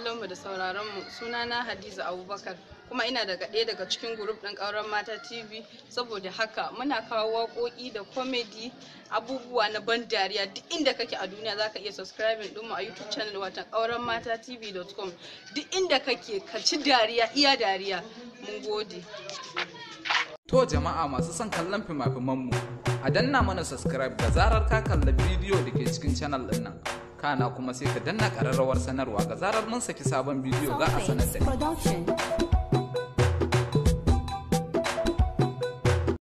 kallon mu da sauraron mu sunana Hadiza Abubakar kuma ina daga ɗaya daga cikin grup ɗin ƙauren mata TV saboda haka muna kawo waƙoƙi da komedi abubuwa na ban dariya duk inda kake a duniya zaka iya subscribing ɗinmu a YouTube channel watan ƙauren mata com duk inda kake ka ci dariya iya dariya mun gode. To jama'a masu son kallon fima-fimanmu a danna mana subscribe da zarar ka kalla bidiyo da ke cikin channel ɗin nan. kana kuma sai ka danna ƙararrawar sanarwa ga zarar mun saki sabon bidiyo za a sanar da